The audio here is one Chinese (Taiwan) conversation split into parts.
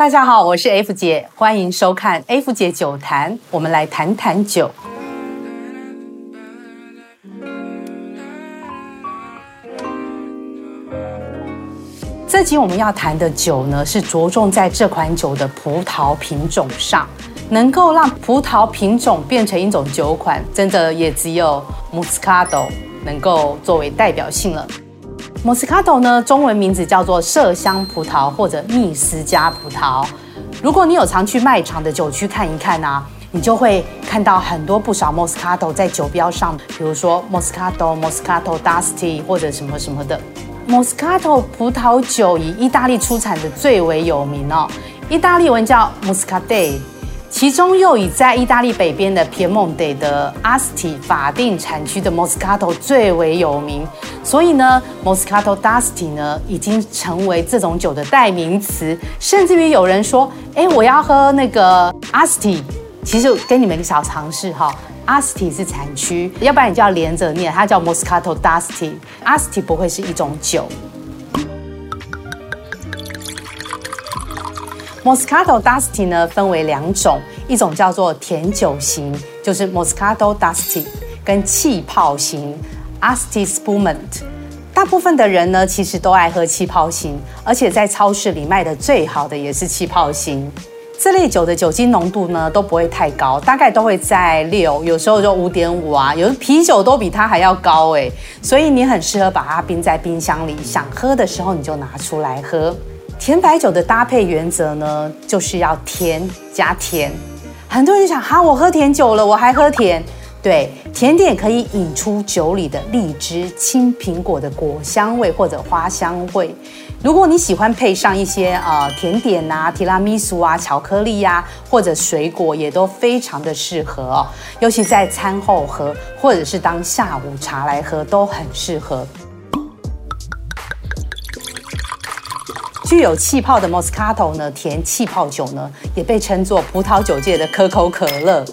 大家好，我是 F 姐，歡迎收看 F 姐酒壇。我們來談談酒。這集我們要談的酒呢，是着重在這款酒的葡萄品種上，能夠讓葡萄品種變成一種酒款，真的也只有 Moscato 能夠作為代表性了。Moscato 呢，中文名字叫做麝香葡萄或者密斯加葡萄。如果你有常去賣場的酒區看一看啊，你就會看到很多不少 Moscato 在酒標上，比如說 Moscato、Moscato Dusty 或者什麼什麼的。Moscato 葡萄酒以意大利出產的最為有名哦，意大利文叫 Moscato 其中又以在意大利北邊的皮蒙特的阿斯蒂法定產區的莫斯卡托最為有名，所以呢，莫斯卡托達斯蒂呢已經成為這種酒的代名詞，甚至於有人說，哎，我要喝那個阿斯蒂，其實跟你們一個小常識哈，阿斯蒂是產區，要不然你就要連着念，它叫莫斯卡托達斯蒂，阿斯蒂不會是一種酒。Moscato d'Asti 呢分為兩種，一種叫做甜酒型，就是 Moscato d'Asti 跟氣泡型 Asti Spumante。大部分的人呢其實都愛喝氣泡型，而且在超市裡賣的最好的也是氣泡型。這類酒的酒精濃度呢都不會太高，大概都會在六、啊，有時候就五點五啊，有的啤酒都比它還要高哎、欸。所以你很適合把它冰在冰箱裡，想喝的時候你就拿出來喝。甜白酒的搭配原則呢，就是要甜加甜。很多人就想哈、啊，我喝甜酒了，我還喝甜。對，甜點可以引出酒裡的荔枝、青蘋果的果香味或者花香味。如果你喜歡配上一些，呃，甜點啊、提拉米蘇啊、巧克力呀、啊，或者水果也都非常的適合、哦。尤其在餐後喝，或者是當下午茶來喝，都很適合。具有氣泡的 Moscato 呢，甜氣泡酒呢，也被稱作葡萄酒界的可口可樂，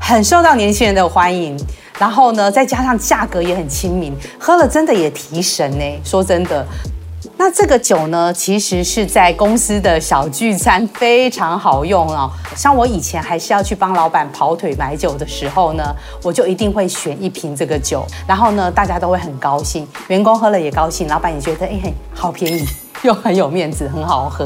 很受到年輕人的歡迎。然後呢，再加上價格也很親民，喝了真的也提神誒。說真的，那這個酒呢，其實是在公司的小聚餐非常好用哦。像我以前還是要去幫老闆跑腿買酒的時候呢，我就一定會選一瓶這個酒，然後呢，大家都會很高興，員工喝了也高興，老闆也覺得哎，好便宜。又很有面子，很好喝。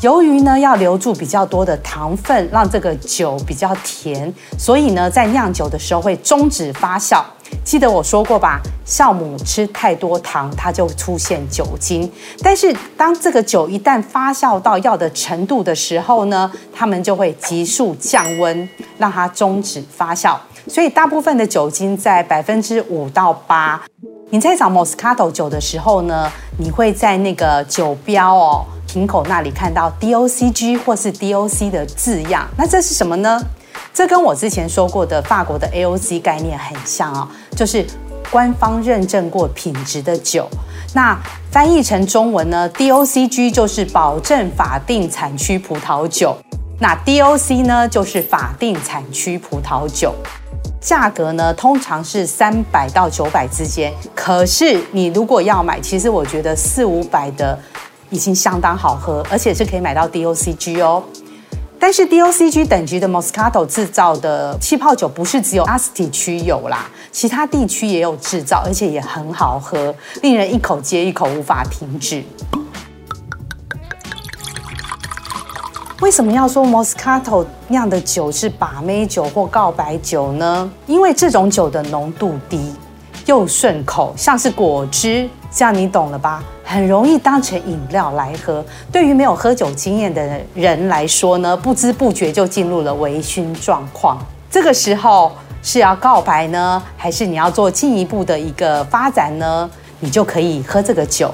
由於呢要留住比較多的糖分，讓這個酒比較甜，所以呢在釀酒的時候會終止發酵。記得我說過吧？酵母吃太多糖，它就會出現酒精。但是當這個酒一旦發酵到要的程度的時候呢，它們就會急速降溫，讓它終止發酵。所以大部分的酒精在百分之五到八。8你在找 Moscato 酒的時候呢，你會在那個酒標哦，瓶口那裡看到 DOCG 或是 DOC 的字樣。那這是什麼呢？這跟我之前說過的法國的 AOC 概念很像哦，就是官方認證過品質的酒。那翻譯成中文呢，DOCG 就是保證法定產區葡萄酒，那 DOC 呢，就是法定產區葡萄酒。價格呢，通常是三百到九百之間。可是你如果要買，其實我覺得四五百的已經相當好喝，而且是可以買到 DOCG 哦。但是 DOCG 等級的 Moscato 製造的氣泡酒，不是只有 Asti 區有啦，其他地區也有製造，而且也很好喝，令人一口接一口無法停止。為什麼要說 Moscato 釀的酒是把妹酒或告白酒呢？因為這種酒的濃度低，又順口，像是果汁，這樣你懂了吧？很容易當成飲料來喝。對於沒有喝酒經驗的人來說呢，不知不覺就進入了微醺狀況。這個時候是要告白呢，還是你要做進一步的一個發展呢？你就可以喝這個酒。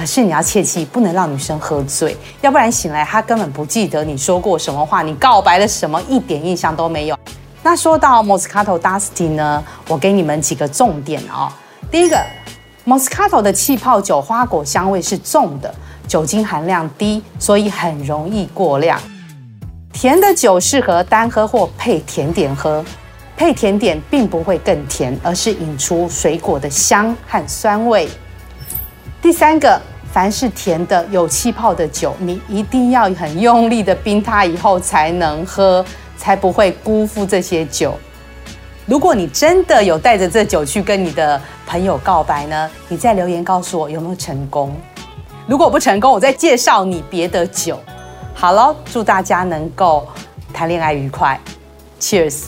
可是你要切記，不能讓女生喝醉，要不然醒來她根本不記得你說過什麼話，你告白了什麼，一點印象都沒有。那說到 Moscato d'Asti 呢，我給你們幾個重點啊、哦。第一個，Moscato 的氣泡酒花果香味是重的，酒精含量低，所以很容易過量。甜的酒適合單喝或配甜點喝，配甜點並不會更甜，而是引出水果的香和酸味。第三個。凡是甜的、有氣泡的酒，你一定要很用力的冰它，以後才能喝，才不會辜負這些酒。如果你真的有帶着這酒去跟你的朋友告白呢，你在留言告訴我有沒有成功？如果不成功，我再介紹你別的酒。好囉，祝大家能夠談戀愛愉快，Cheers。